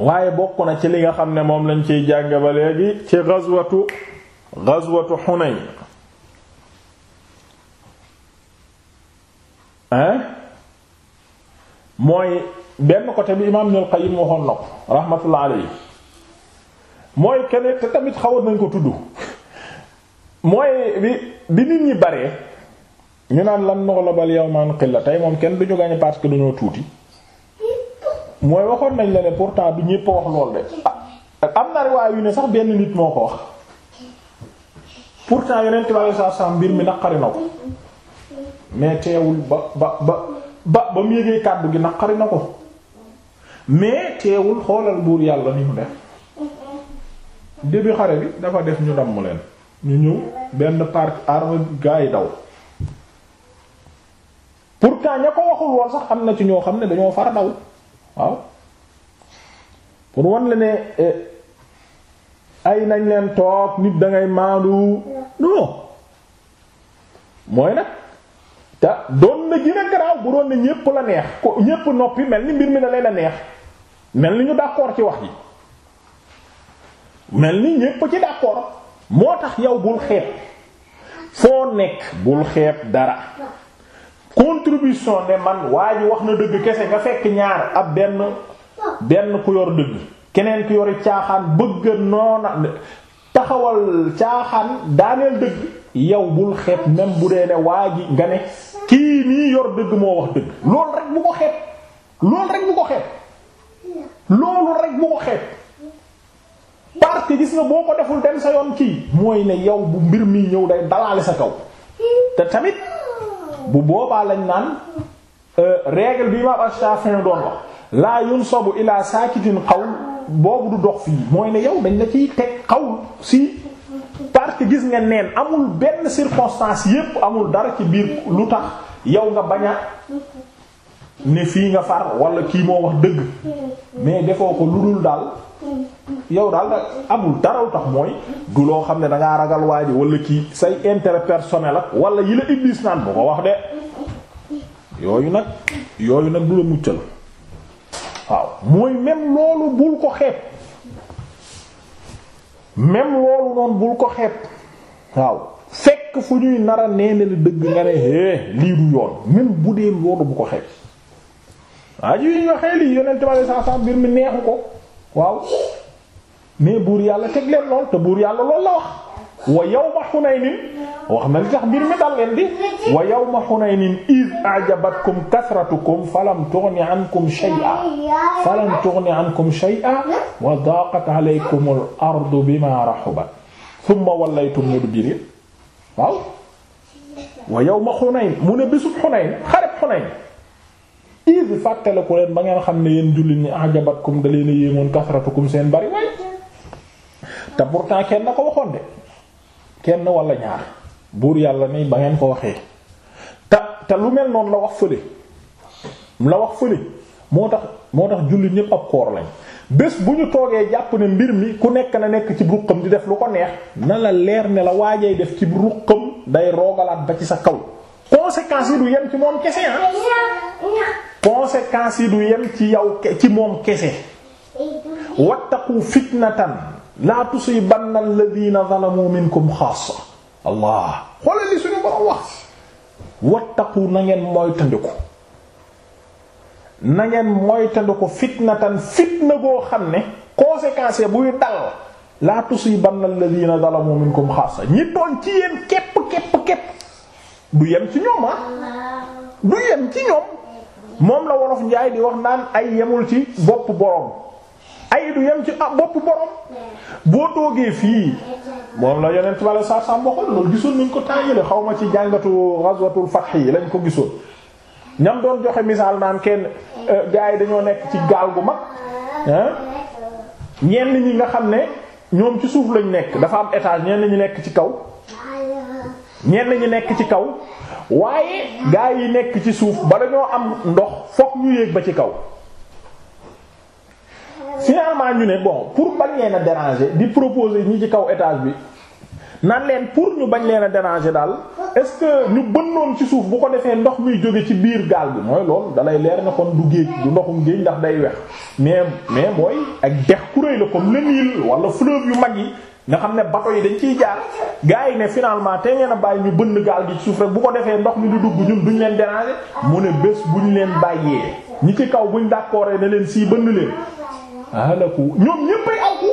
waaye bokk na ci li nga xam ne moom lañ ciy jàng ba léegi ci gazwatu gazwatu Hunayn hein mooy benn côté bi imaam Ibnul Qayyim waxoon na ko rahmatullah mooy kenn te tamit xawoon nañ ko tudd mooy bi bi nit ñi bare ñu naan lan nughlabal yawma an qilla tey moom kenn duñu gañe parce que dañoo tuuti mooy waxoon nañ la ne pourtant du ñépp wax lool de ah, am na riwaay ne sax benn nit moo ko wax pourtant yeneen tubaab yi saa saa mbir mi naqari na ko mais teewul ba ba ba ba mu yëgee kàddu gi naqari na ko mais teewul xoolal buur yàlla ni mu def début xare bi dafa def ñu damm leen ñu ñëw benn parc arme gaa yi daw. pourtant ña ko waxul woon sax am na ci ñoo xam ne dañoo fara daw. waaw pour wan la ne eh, ay nañ leen toog nit dangay maandu non mooy nag te doon na gën garaaw bu doon ne ñépp la neex ko ñépp noppi mel ni mbir mi na la a neex mel ni ñu d'accord ci wax ji mel ni ñépp ci d'accord moo tax yow bul xeeb foo nekk bul xeeb dara contribution ne man waa ji wax na dëgg kese nga fekk ñaar ab benn benn ku yor dëgg keneen ku yori caaxaan bëgg noona taxawal caaxaan daaneel dëgg yow bul xeeb même bu dee ne waa ji nga ne kii nii yor dëgg moo wax dëgg loolu rek bu ko xeeb loolu rek bu ko xeeb loolu gis nga boo ko deful dem sa yoon kii mooy ne yow bu mbir mi ñëw day dalaale sa kaw tamit bu boobaa lañ naan euh, règle bi imaam Ash-Shafi'i doon wax laa yunsabu ila sakitin qawl boobu du dox fii mooy na yow dañ la ciy teg qawl si parce que gis nga neen amul benn circonstance yëpp amul dara ci biir lu tax yow nga bañ a ne fii nga far wala kii moo wax dëgg mais defoo ko lu dul daal yow daal amul daraw tax mooy du loo xam ne dangaa ragal waa ji wala kii say intérêt personnel ak wala yi la Iblis naan bu ko wax de yooyu nag yooyu nag du la muccal waaw mooy même loolu bul ko xeeb même loolu noonu bul ko xeeb waaw fekk fu ñuy nar a nee na la dëgg nga ne hé lii du yoon même bu dee loolu bu ko xeeb. waa ji ñu waxee lii yonent bi saa saa mbir mi neexu ko waaw mais buur yàlla teg leen lool te buur yàlla lool la wax. wa yawma Hunaynin wax na li tax mbir mi dal leen di wa yawma Hunaynin iz a'jabatkum kathratukum falam tughni ankum shay'an falam tughni ankum shay'an wa daqat alaykum al-ardu bima rahabat thumma wallaytum mudbirin waaw wa yawma Hunayn mu ne bésub Hunayn xareb Hunayn izi fàttaliku leen ba ngeen xam ne yéen jullit ñi ajabatkum da leen a yéemoon kasratukum seen bari waaye te pourtant kenn na ko waxoon de kenn wala ñaar buur yàlla ni ba ngeen ko waxee te te lu mel noon la wax fële la wax fële moo tax moo tax jullit ñépp ak koor lañ bés bu ñu toogee jàpp ne mbir mi ku nekk na nekk ci ruqam di def lu ko neex na la leer ne la waajee def ci ruqam day roogalaat ba ci sa kaw conséquences yi du yem ci moom kese ah. conséquences yi du yem ci yow ci moom kese wattaqu fitnatan la tusibanna alladhina zalamu minkum xaasa allah xoolal li suñu borom wax wattaqu na ngeen moytandiku na ngeen moytandiku fitnatan fitna goo xam ne conséquences buy dal la tusibanna alladhina zalamu minkum xaasa ñi doon ci yéen képp képp képp du yem ci ñoom ah du yem ci ñoom moom la wolof njaay di wax naan ay yemul ci bopp borom ay du yem ci ah bopp borom boo toogee fii moom la yonent bale saa saa mboxoon loolu gisoon nañ ko tàngile xaw ma ci jàngatu ghazwatul fath yi lañ ko gisoon ñam doon joxe misaal naan kenn euh, gars dañoo nekk ci gaal gu mag ñenn ñi nga xam ne ñoom ci suuf lañu nekk dafa am étage ñenn ñi nekk ci kaw ñenn ñi nekk ci kaw waaye gaa yi nekk ci suuf ba dañoo am ndox fokk ñu yéeg ba ci kaw finalement ñu ne bon pour bañ leen a déranger di proposer ñi ci kaw étage bi nan leen pour ñu bañ leen a déranger daal est-ce que ñu bënnoon ci suuf bu ko defee ndox muy jóge ci biir gaal bi mooy loolu dalay leer na kon du géej du ndoxum géej ndax day wex mais mais mooy ak dex ku rëy la comme le Nil wala fleuve yu mag yi nga xam ne bato yi dañ ciy jaar gars yi ne finalement te ngeen a bàyyi ñu bënn gaal gi ci suuf rek bu ko defee ndox mi du dugg ñun duñu leen déranger mu ne bés bu ñu leen bàyyee ñi ci kaw bu ñu d'accord ne leen sii bënn leen alaku ñoom ñéppay alku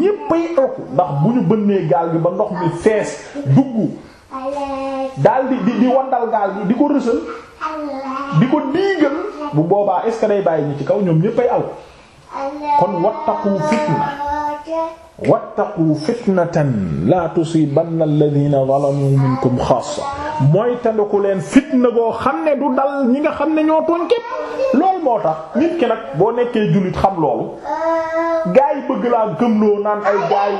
ñéppay alku ndax bu ñu bënnee gaal gi ba ndox mi fees dugg daal di di di wandal gaal bi di ko rësal di ko diigal bu boobaa est ce que day bàyyi ñi ci kaw ñoom ñéppay alku kon wattaqu fitna wattaqu fitnatan la tusibanna alladhina zalamu minkum xaassa mooy tandaku leen fitna boo xam ne du dal ñi nga xam ne ñoo tooñ képp loolu moo tax nit ki nag boo nekkee jullit xam loolu gaa yi bëgg laa gëmloo naan ay gaa yi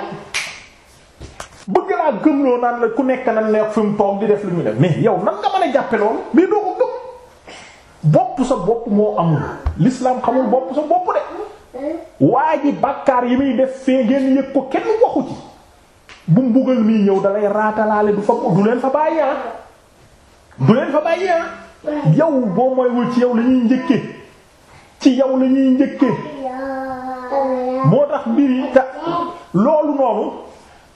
bëgg laa gëmloo naan la ku nekk nan ne fi mu di def lu ñu def mais yow nan nga mën a jàppe loolu mais doo ko bopp sa bopp moo amul l'islam xamul bopp sa bopp de waa ji bàkkaar yi muy def fee ngeen yëg ko kenn waxu ci bu mbugal mii ñëw dalay raatalaale du fa du leen fa bàyyi ah du leen fa bàyyi ah yow boo mooywul ci yow lañuy ñuy ci yow la ñuy njëkke moo tax mbir yi ta loolu noonu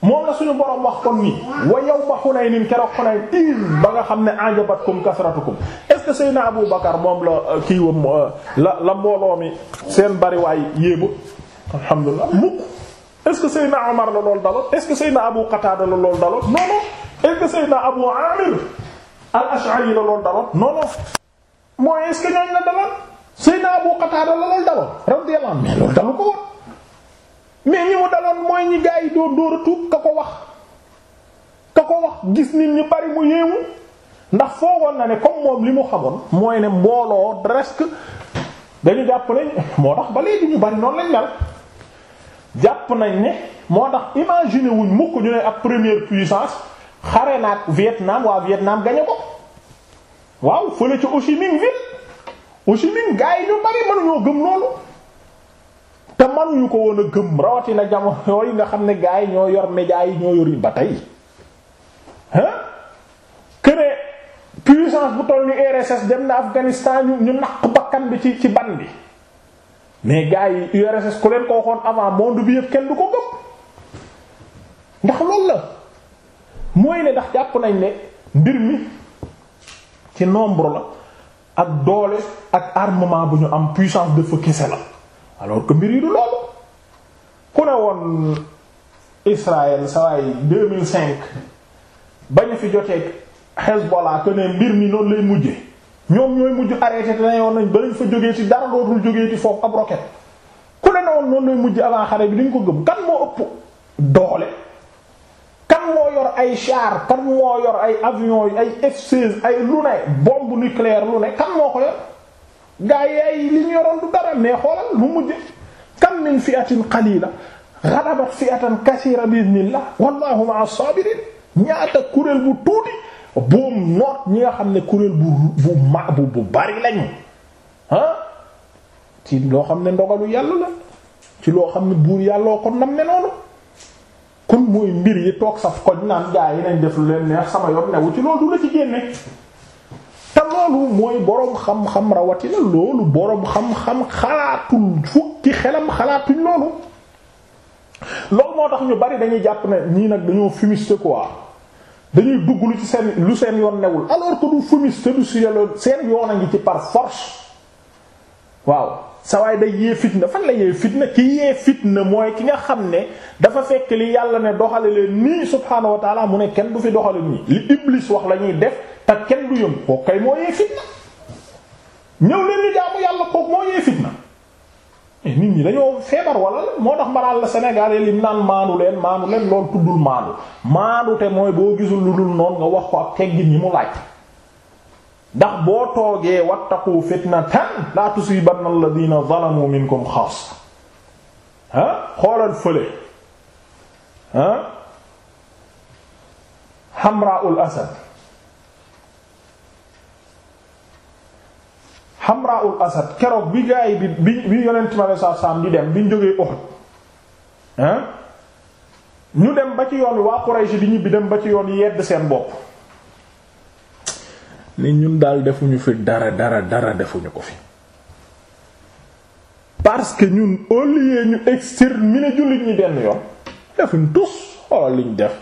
moom la suñu borom wax kon nii wa yawma Hunayn keroog Hunayn iz ba nga xam ne ajabatkum kasratukum est-ce que Seydina Abu Bakar moom la euh, kiiwam euh, la la mbooloo mi seen bariwaay yéebu alhamdulilah mukk est la lool que Seydina Abu Qatada la lool daloon non non est-ce que Seydina Abu Amir al la lool daloon non mooy est-ce que ñooñ la daloon Seydina Abu Qatada la lool daloon radiyallahu anhu lool dalu ko mais ñi mu daloon mooy ñi gaa yi doo dóor a ka ko wax ka ko wax gis nit ñu bari mu yéemu ndax foogoon na ne comme moom li mu xamoon mooy ne mbooloo presque dañu jàpp ne moo tax ba léegi ñu bari noonu lañ mel jàpp nañ ne moo tax imaginer wuñ mukk ñu ne ab première puissance xare naag Vietnam waa Vietnam gañe ko waaw fële ci Ho Chi Minh ville Ho gaa yi ñu bari mënuñoo gëm loolu te yu ko woon a gëm rawatina jamono yi nga xam ne gars yi ñoo yor médias yi ñoo yor yi ba tey hein que puissance bu toll ni URSS dem na Afghanistan ñu ñu naq bakkan bi ci ci ban bi mais gars yi URSS ku leen ko waxoon avant monde bi yëpp kenn du ko gëm ndax loolu la mooy ne ndax jàpp nañ ne mbir mi ci nombre la ak doole ak armement bu ñu am puissance de feu kese la. alors que mbir yi du loolu ku ne woon Israël sawaay 2005 bañu fi joteeg Hezbollah que ne mbir mi noonu lay mujje ñoom ñooy mujj arrêté te ne nañ ba lañ fa jógee ci dara dootul jógee ci foofu ab roquette ku ne woon noonu lay mujj avant xare bi duñ ko gëm kan moo ëpp doole. kan moo yor ay char kan moo yor ay avion yi ay F-16 ay lu ne bombe nucléaire lu ne kan moo ko yor. gaa yi li ñu yoroon du dara mais xoolal mu mujj kam min fi'atin qalila ghalabat fi'atan kaseera bi idnillah wallahu ma'a as-sabirin ñaata kuréel bu tuuti boom noot ñi nga xam ne kuréel bu bu ma bu bari lañu ah ci loo xam ne ndogalu yàlla la ci loo xam ne buur yàlloo kon nam ne noonu kon mooy mbir yi toog saf koñ naan gaa yi nañ def lu leen neex sama yoon newu ci loolu du la ci génne loolu mooy boroom xam-xam rawatina loolu boroom xam-xam xalaatul fukki xelam xalaatuñ loolu loolu moo tax ñu bari dañuy jàpp ne ñii nag dañoo fumiste quoi dañuy dugg lu ci seen lu seen yoon newul alors que du fumiste du si seen yoon a ngi ci par force waaw sa waay day yee fitna fan la yee fitna ki yee fitna mooy ki nga xam ne dafa fekk li yàlla ne doxale leen nii subhaanahu wa taala mu ne kenn du fi doxale nii li iblis wax lañuy def te kenn du yëm kooku kay moo yee fitna ñëw leen ñu jaamu yàlla kooku moo yee fitna eh, nit ñi dañoo feebar wala moo tax maanaam la Sénégal yi lim naan maandu leen maandu leen loolu tuddul maandu maandu te mooy boo gisul lu dul noonu nga wax ko ak teggin yi mu laaj. ndax boo toogee wattaqu fitnatan la tusibanna alladhina zalamu minkum xaas ah Asad. Hamraul Asad keroog bi gaa yi bi bi bi yonent ma saa saam di dem bi ñu jógee Uhud ah ñu dem ba ci yoon wi waa Quraysh bi ñibbi dem ba ci yoon yedd seen bopp. ni ñun daal defuñu fi dara dara dara defuñu ko fi parce que ñun au lieu ñu exterminer jullit ñi benn yoon defuñ tus xoolal liñ def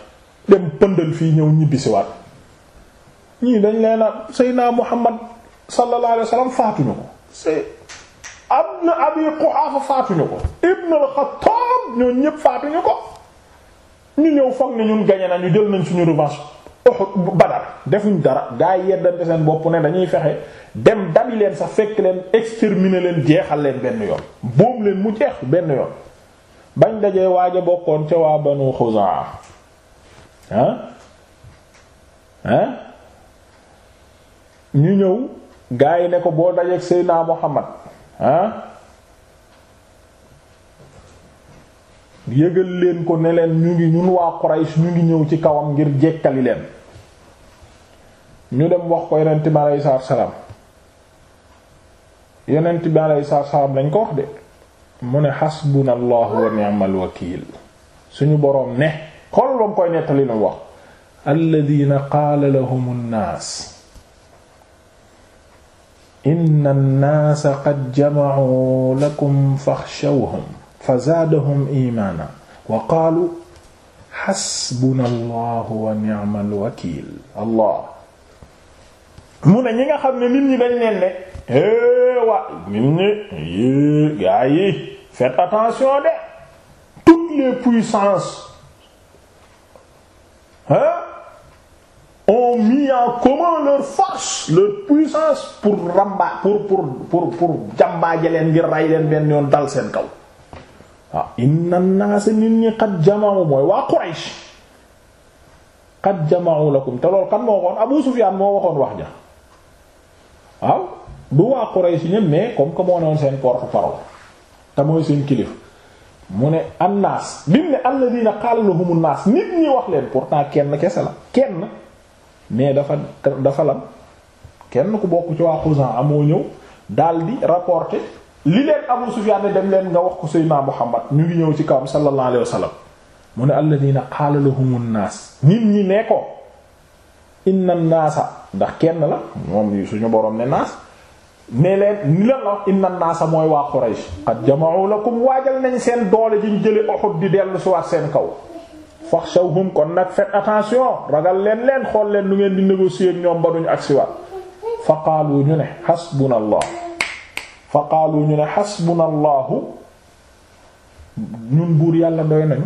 dem pëndal fii ñëw ñibbisiwaat ñii dañ leen a Seydina Muhammad. sallallahu alayhi wa sallam faatuñu ko c'est am na Abi Quhaafa faatuñu ko Ibn al-Khattab ñoo ñëpp faatuñu ko ñu ñëw foog ne ñun gañe nañu jël nañ suñu revanche Uhud Badar defuñ dara gaa yi yeddante seen bopp ne dañuy fexe dem dabi leen sax fekk leen exterminer leen jeexal leen benn yoon boom leen mu jeex benn yoon bañ dajee waaja bokkoon ca waa Banu Xuzaa ah ah ñu ñëw gaa yi ne ko boo dajeeg Seydina Muhammad ah yëgal leen ko neleen ñu ngi ñun waa Quraysh ñu ngi ñëw ci kawam ngir jekkali leen ñu dem wax ko yonent bi aleyhi salaatu salaam yonent bi aleyhi salaatu salaam lañ ko wax de mu ne xasbuna allahu wa ni'mal wakiil suñu boroom ne xool ba mu koy nettali nu wax alladina qaala lahum nnaas inna an-naasa qad jama'u lakum fakhshawhum fazaadahum iimaana wa qaalu xasbuna allahu wa ni'mal wakiil allah mu ne ñi nga xam ne nit ñi dañ leen ne wa nit ñi yi gaa yi faites attention de toutes les puissances hein ont mis en commun leur force leur puissance pour ramba pour pour pour pour jambaaje leen ngir rey leen benn yoon dal seen kaw waaw ah, inna naas nit ñi xat jamaawu mooy waa Quraysh xat jamaawu lakum te loolu kan moo waxoon Abu Sufyaan moo waxoon wax ja waaw du waa Quraysh ñëpp mais comme que ne woon seen porte-parole te mooy seen kilifa mu ne annaas bi mu ne alladina qaala lahumu naas nit ñi wax leen pourtant kenn kese la kenn mais dafa dafa lan kenn ku bokk ci waa Xuzan amoo ñëw daal di rapporter li leen Abu Sufyaan ne dem leen nga wax ko Seydina Muhammad ñu ngi ñëw ci kawam sallallahu alayhi wa mu ne alladina qaala lahumu nnaas nit ñi ne ko inna naasa ndax kenn la moom suñu boroom ne naas ne leen ni la wax inna naasa mooy waa Quraysh qad jama'u lakum waajal nañ seen doole ji ñu jële Uhud bi dellu si waat seen kaw faxshawhum kon nag faites attention ragal leen leen xool leen nu ngeen di négocier ñoom ba duñu agsiwaat fa qaalu ñu ne xasbuna allah fa qaalu ñu ne xasbuna allahu ñun buur yàlla doy nañu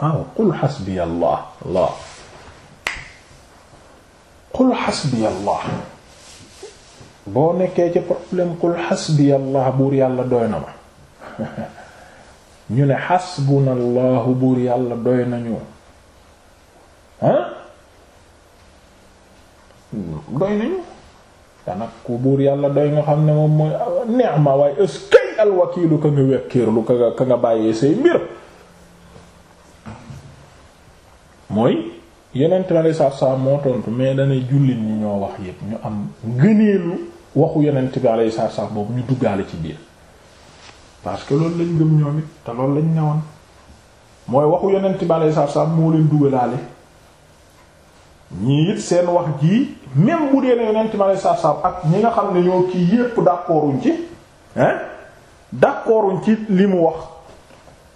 waaw qul xasbiya allah boo nekkee ci problème qul xasbiya allah buur yàlla doy na ma ñu ne xasbuna allahu buur yàlla doy nañu ah doy nañu danag ku buur yàlla doy nga xam ne moom mooy ni'ma waaye est alwakiilu ka nga wekkiirlu ka nga ka nga bàyyee say mbir mooy yonent bi alei satu moo tontu mais dana jullit ñi ñoo wax yépp ñu am gëneelu waxu yonent bi alei satu boobu ñu duggaale ci biir parce que loolu lañ gëm ñoom it te loolu lañ newoon mooy waxu yonent bi aleyhi salaatu salaam moo leen dugalaale ñii it seen wax jii même bu dee ne yonent bi aleyhi salaatu salaam ak ñi nga xam ne ñoo kii yépp d'accorduñ ci hein d'accorduñ ci li mu wax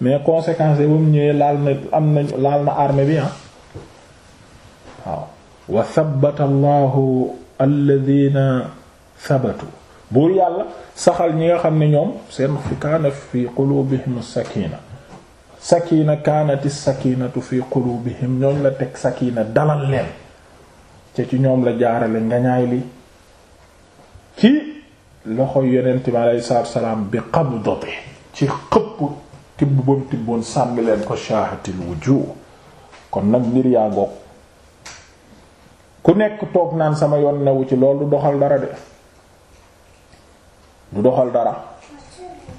mais conséquences yi ba ñëwee laal na am na laal na armée bi ah waaw wa thabbata allahu alladhina thabatu buur yàlla saxal ñi nga xam ne ñoom seen kaana fi qulubihim sakina sakina kaanati sakinatu fi qulubihim ñooñ la teg sakina dalal leen ci ñoom la jaarale ngañaay li ci loxo yonent bi aleyhi salaatu wa salaam bi qabdati ci xëpp tibb bam tibboon sàmmi leen ko shaahatil wujuh kon nag ngir yaa ngoog ku nekk toog naan sama yoon newu ci loolu doxal dara de du doxal dara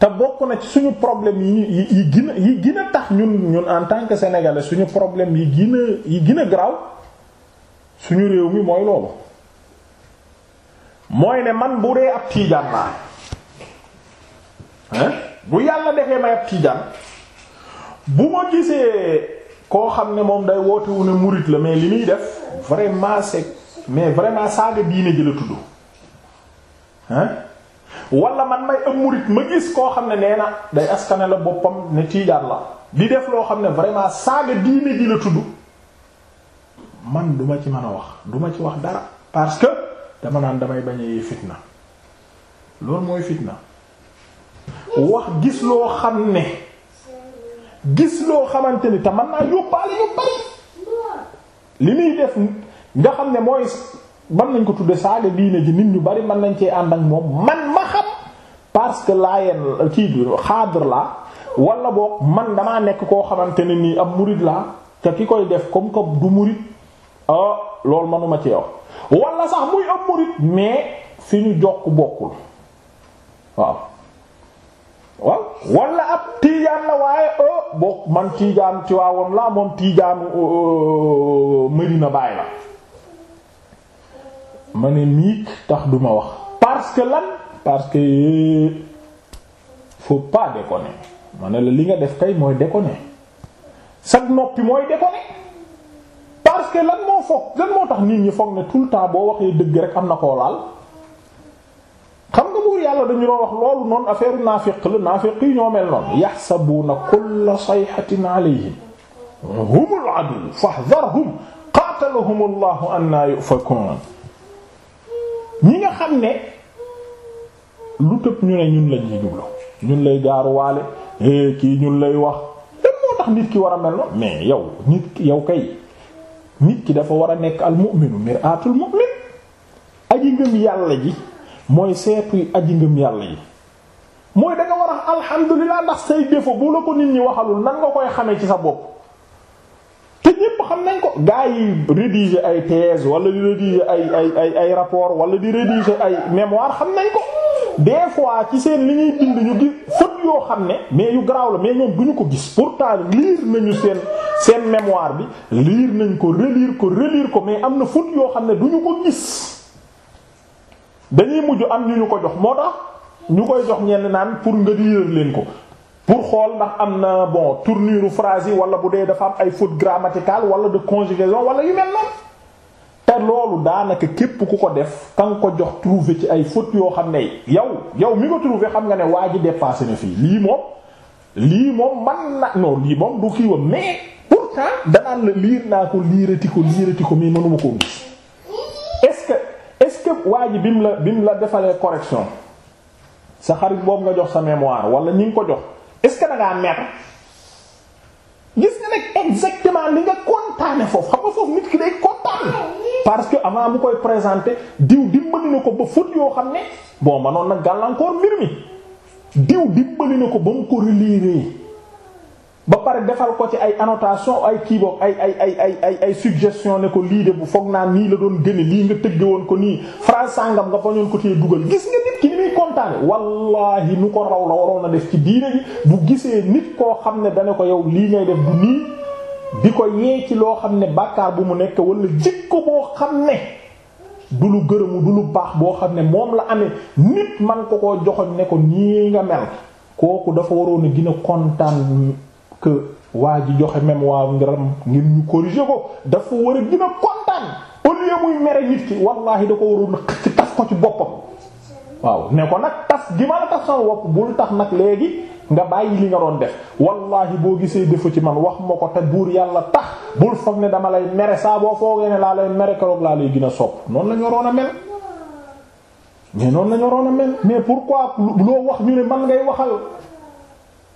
te bokk na ci suñu problème yi yi gën a tax ñun ñun en tant que sénégalais suñu problème yi gën a yi gën a graw suñu réew mi mooy loolu mooy ne man bu dee ab tiijaan naa hein bu yàlla defee may ab tiijaan bu ma gisee koo xam ne moom day wootewu ne murit la mais li muy def vraiment sec mais vraiment saaga diine ji tudd wala man may am murit ma gis koo xam ne nee na day askane la boppam ne tiijaan la di def loo xam ne vraiment saaga diine ji la tudd man duma ci mën a wax duma ci wax dara parce que dama naan damay bañ a yee loolu mooy fitna wax gis loo xam ne gis loo xamante ni te mën naa yóbbaale yu bari li muy def nga xam ne mooy ban nañ ko tudde saaga diine ji nit ñu bari mën nañ cee ànd ak moom man ma parce que laayeen kii bi xaadar la wala boog man damaa nekk koo xamante ne nii ab murid la te ki koy def comme que du murid ah, loolu manuma ci yow sax muy ab murid mais fi ñu jokk bokkul waaw waaw ab tiijaan la waaye ah man tiijaan ci waawoon la moom tiijaanu oh, oh, Medina Baay la ma ne miig tax duma wax parce que lan parce que faut pas déconner ma li nga def kay mooy déconner sag noppi mooy déconner parce que lan moo foog lan moo tax nit ñi foog ne tout le temps boo waxee dëgg rek am na koo laal xam nga buur yàlla dañu doon wax loolu noonu affaire naafiq la naafiq yi ñoo mel noonu yaxsabuuna kulla sayhatin alayhim humul adu fahdharhum qatalahum allahu anna yufakun ñi nga xam ne lu tëb ñu ne ñun lañ ñuy jublu ñun lay gaaruwaale eh kii ñun lay wax lépp moo tax nit ki war a mel noonu mais yow nit ki yow kay nit ki dafa war a nekk al mu'minu mir'atul mu'min aji ngëm yàlla ji mooy seetu aji ngëm yàlla ji mooy da nga war a alhamdulilah ndax say défaut bu la ko nit ñi waxalul nan nga koy xamee ci sa bopp te ñépp xam nañ ko gaa yi rédiger ay thèse wala di rédiger ay ay ay ay rapport wala di rédiger ay mémoire xam nañ ko des fois ci seen li ñuy bind ñu gis faute yoo xam ne mais yu garaw la mais ñoom du ñu ko gis pourtant lire nañu seen seen mémoire bi lire nañ ko relire ko relire ko mais am na faute yoo xam ne du ñu ko gis dañuy mujj am ñu ñu ko jox moo tax ñu koy jox ñenn naan pour nga liiral leen ko pour xool ndax am na bon tournure phrase yi wala bu dee dafa am ay fautes grammaticales wala de conjugaison wala yu mel noonu loolu daanaka képp ku ko def ka nga ko jox trouvé ci ay fautes yoo xam ne yow yow mi ko trouvé xam nga ne waa ji dépassé na fii lii moom lii moom man na non lii moom du kii mais pourtant danaan la liir naa ko liirati ko liirati ko mii mënuma koo gis est-ce que est-ce que waa ji bi mu la bi la defalee correction sa xarit boobu nga jox sa mémoire wala ñi ko jox est-ce que da ngaa mer gis nga nag exactement li nga kontaane foofu xam nga foofu nit ki day kontaan parce que avant mu koy présenté diw dimbali na ko ba fóot yoo xam ne bon manoon nag gàllankoor mbir mi diw dimbali na ko ba mu ko relire ba pare defal ko ci ay anotation ay kii ay ay ay ay ay ay suggestion ne ko lii de bu foog naa nii la doon gëne lii nga tëgge woon ko nii France sangam nga bañoon ko tee dugal gis nga nit ki ni muy kontaane wallahi nu ko raw la waroon a def ci diine gi bu gisee nit koo xam ne dane ko yow lii ngay def du nii di ko yee ci loo xam ne baakaar bu mu nekk wala jikko boo xam ne du lu gërëmu du lu baax boo xam ne moom la amee nit man ko koo joxoñ ne ko nii nga mel kooku dafa waroon a gën kontaan que waa ji joxe mémoire ngaram ngir ñu corriger ko dafa war a gën a kontaan au lieu muy mere nit ki wallahi da ko waroon ci tas ko ci boppam waaw ne ko nag tas gi ma la tas bul tax nag léegi nga bàyyi li nga doon def wallahi boo gisee defu ci man wax ma ko te buur yàlla tax bul foog ne dama lay mere saaboo boo foogee ne laa lay mere keroog laa lay gën a sopp noonu la ñu waroon a mel mais noonu la ñu waroon a mel mais pourquoi loo wax ñu ne man ngay waxal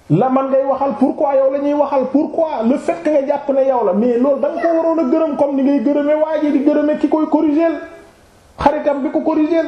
la man ngay waxal pourquoi yow la ñuy waxal pour le fait que nga jàpp ne yow la mais lool da nga ko waroon a gërëm comme ni ngay gërëme waaye di gërëme ki koy corriger xaritam bi ko corriger